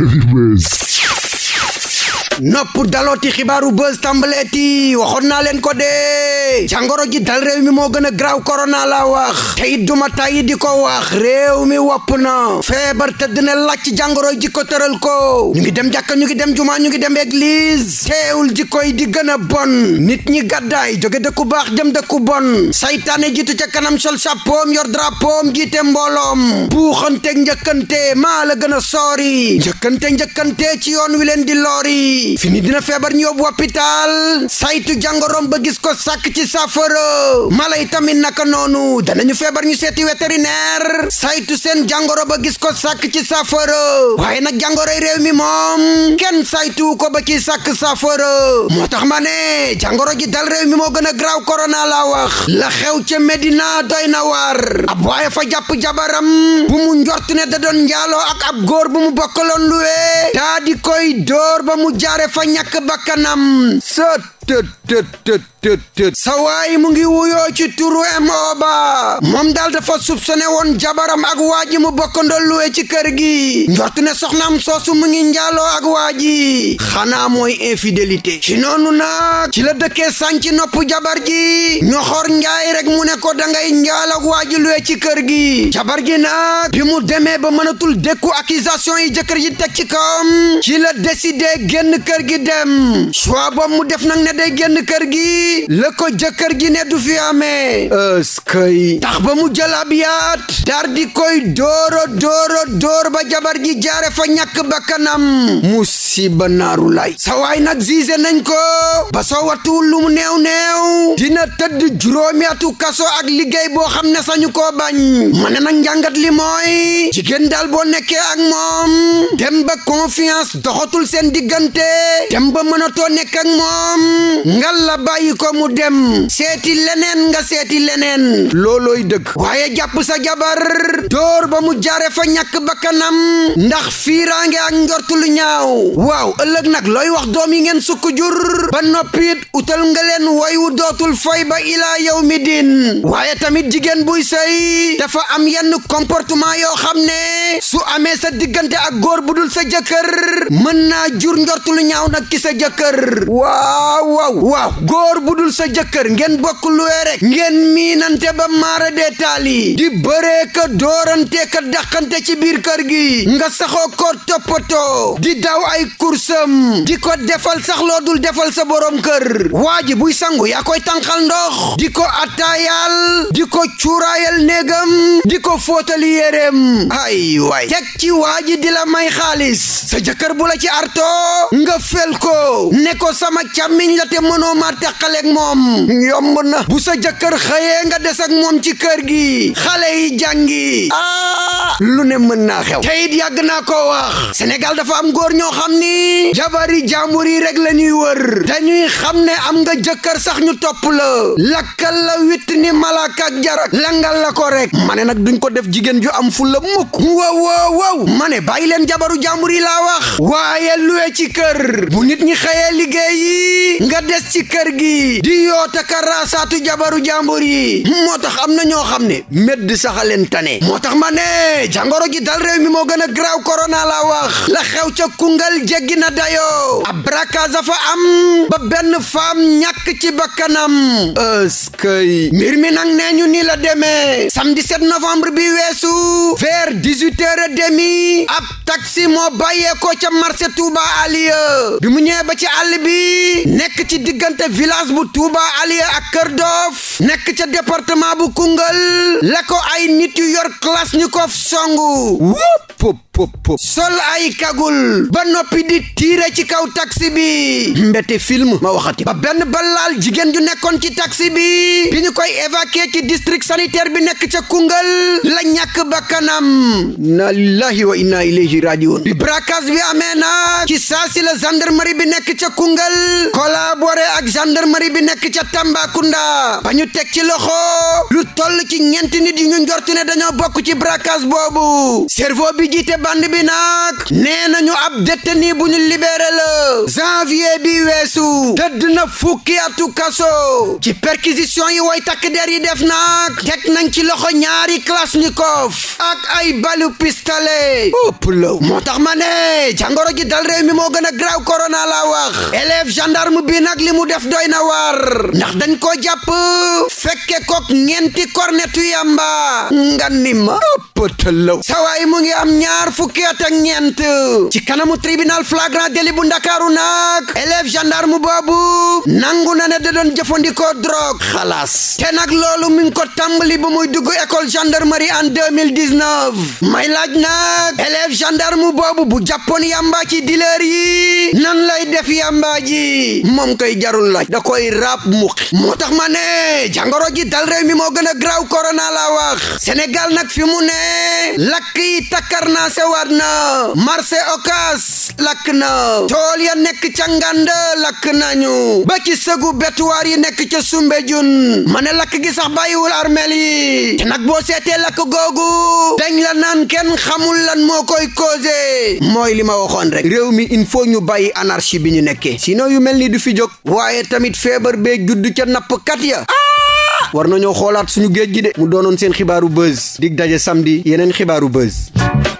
Anyways. nopp dalooti xibaaru buzz tàmbaleeti waxoon naa leen ko dee jàngoro ji dal réew mi moo gën a graaw korona la wax te it duma tàyyi di ko wax réew mi wopp na feebar tëdd na làcc jàngoro ji ko tëral ko ñu ngi dem jàkka ñu ngi dem jumaa ñu ngi dem église teewul ji yi di gën a bon nit ñi gàddaay jóge dëkku baax jëm dëkku bon saytaane jiitu ca kanam sol sapoom yor drapoom jiite mbooloom buuxante njëkkante maa la gën a soori njëkkante njëkkante ci yoon wi leen di loori bi fi ni dina feebar ñu yóbbu hôpital saytu jàngoroom ba gis ko sàkk ci saafara mala yi tamit naka noonu danañu feebar ñu seeti vétérinaire saytu seen jàngoro ba gis ko sàkk ci saafara waaye nag jàngoroy réew mi moom kenn saytu ko ba ci sàkk saafara moo tax ma ne jàngoro ji dal réew mi moo gën a graaw korona laa wax la xew ca Medina doy na waar ab waaye fa jàpp jabaram bu mu njort ne da doon njaaloo ab góor bu mu bokkaloon luwee daa di koy dóor ba mu ja jaare fa bakkanam sët tët tët mu ngi wuyoo ci turu moo ba moom daal dafa soupçonné woon jabaram ak waa ji mu bokkandool luwee ci kër gi njort ne soxnaam soosu mu ngi njaaloo ak waa ji xanaa mooy infidélité ci noonu nag ci la dëkkee sànci noppu jabar ji ñoxor njaay rek mu ne ko dangay njaal ak waa ji ci kër gi jabar ji nag bi mu demee ba mënatul dékku accusation yi jëkkër ji teg ci kawam ci la décidé génn kër gi dem choix boobu mu def ne day génn kër gi la ko jëkkër gi ne du fi amee ëskëy tax ba mu jël ab yaat dar di koy dooro dooro door ba jabar ji jaare fa ñàkk bakkanam musiba naaru lay sa nag ziise nañ ko ba soo wattuwul lu mu neew neew dina tëdd juróomi atu kaso ak liggéey boo xam ne sañu koo bañ ma ne nag li mooy jigéen daal boo nekkee ak moom dem ba confiance doxatul seen diggante dem ba mënatoo nekk ak moom ngal la bàyyi ko mu dem seeti leneen nga seeti leneen loolooy dëgg waaye jàpp sa jabar dóor ba mu jaare fa ñàkk bakkanam ndax fiiraange ak njortu lu ñaaw waaw ëllëg nag looy wax doom yi ngeen sukk jur ba noppiit utal nga leen woyu dootul foy ba ilaa yawmi diin waaye tamit jigéen buy sëy dafa am yenn comportement yoo xam ne su amee sa diggante ak góor bu dul sa jëkkër mën naa jur njortu lu ñaaw nag ki sa jëkkër waaw waaw waaw góor bu dul sa jëkkër ngeen bokk lu rek ngeen miinante ba maara dee taali di bëree ka doorante ka dàqante ci biir kër gi nga saxoo ko toppatoo di daw ay kursam di ko defal sax loo dul defal sa borom kër waa buy sangu yaa koy tànqal ndox di ko attaayaal di ko cuuraayal néegam di ko fóotali yéreem ay waay teg ci waa di la may xaalis sa jëkkër bu la ci artoo nga fel ko ne ko sama càmmiñ la te mënoo maa teqaleeg moom yomb na bu sa jëkkër xëyee nga des moom ci kër gi xale yi jàngi ah! dara lu ne mën naa xew te it yàgg naa ko wax Sénégal dafa am góor ñoo xam ni jabari jàmbur yi rek la ñuy wër dañuy xam ne am nga jëkkër sax ñu topp la lakkal la witt ni malaaka jarak langal la ko rek ma ne nag duñ ko def jigéen ju am fu la mukk wow wow wow ma ne bàyyi leen jabaru jàmbur yi laa wax waaye luwe ci kër bu nit ñi xëyee liggéey yi nga des ci kër gi di yoota karaasaatu jabaru jàmbur yi moo tax am na ñoo xam ne medd saxaleen tane moo tax ma jàngoro ji dal réew mi moo gën a graaw korona la wax la xew ca Koungheul jéggi na dayoo ab braquage fa am ba benn femme ñàkk ci bakkanam ëskëy mbir mi nag nee ñu ni la demee samedi 7 novembre bi weesu vers 18 heures demi ab taxi moo bàyyeekoo ca marché Touba Alieu bi mu ñëwee ba ci àll bi nekk ci diggante village bu Touba Alieu ak Kër Dof nekk ca département bu Koungheul la ay nit yu yor songu wupp pup sol ay kagul ba noppi di tiire ci kaw taxi bi mbete film ma waxati ba benn laal jigéen ju nekkoon ci taxi bi bi ñu koy évacuer ci district sanitaire bi nekk ca Koungheul la ñàkk bakkanam na lillahi wa inna ilayhi rajiun bi braquage bi amee na ci saasi la gendarmerie bi nekk ca Koungheul collaboré gendarmerie bi nekk ca Tambacounda ba ñu teg ci loxo lu toll ci ñeenti nit yu ñu njortu ne dañoo bokk ci braquage boobu cerveau bi jiite band bi nag nee nañu ab détenu bu ñu libéré la janvier bi weesu tëdd na fukki atu kaso ci perquisition yi woy takk der yi def nag teg nañ ci loxo ñaari kalachnikov ak ay balu pistolet ëpplow moo tax ma ne jàngoro ji dal réew mi moo gën a graw corona la wax élève gendarme bi nag li mu def doy na waar ndax dañ koo jàpp fekke kook ñeenti kornetu yamba nga ni ma pëttëllaw i mu ngi am ñaar fukki at ak ñeent ci kanamu tribunal flagrant délit bu ndakaaru nag élève gendarme boobu nangu na ne da doon jëfandikoo drogue xalaas te nag loolu mi ngi ko tàmbali ba muy dugg école gendarmerie en 2019 may laaj nag élève gendarme boobu bu jàppoon yàmbaa ci dileer nan lay def yàmbaa ji moom koy jarul laaj da koy raab muqi moo tax ma ne jàngoro ji dal mi moo gën a graw korona la wax Sénégal nag fi mu ne lakk yi takkar naa waat na marché okas lakk na tool ya nekk ca ngànd lakk nañu ba ci sëgu betuwaar yi nekk ca sumbe jun ma ne lakk gi sax bàyyiwul armeel nag boo seetee lakk googu dañ naan kenn xamul lan moo koy causé mooy li ma waxoon rek réew mi il faut ñu bàyyi anarchie bi ñu nekkee sinon yu mel ni du fi jóg waaye tamit feebar bee judd ca nappkat ya war nañoo xoolaat suñu géej gi de mu doonoon seen xibaaru buzz dig daje samedi yeneen xibaaru buzz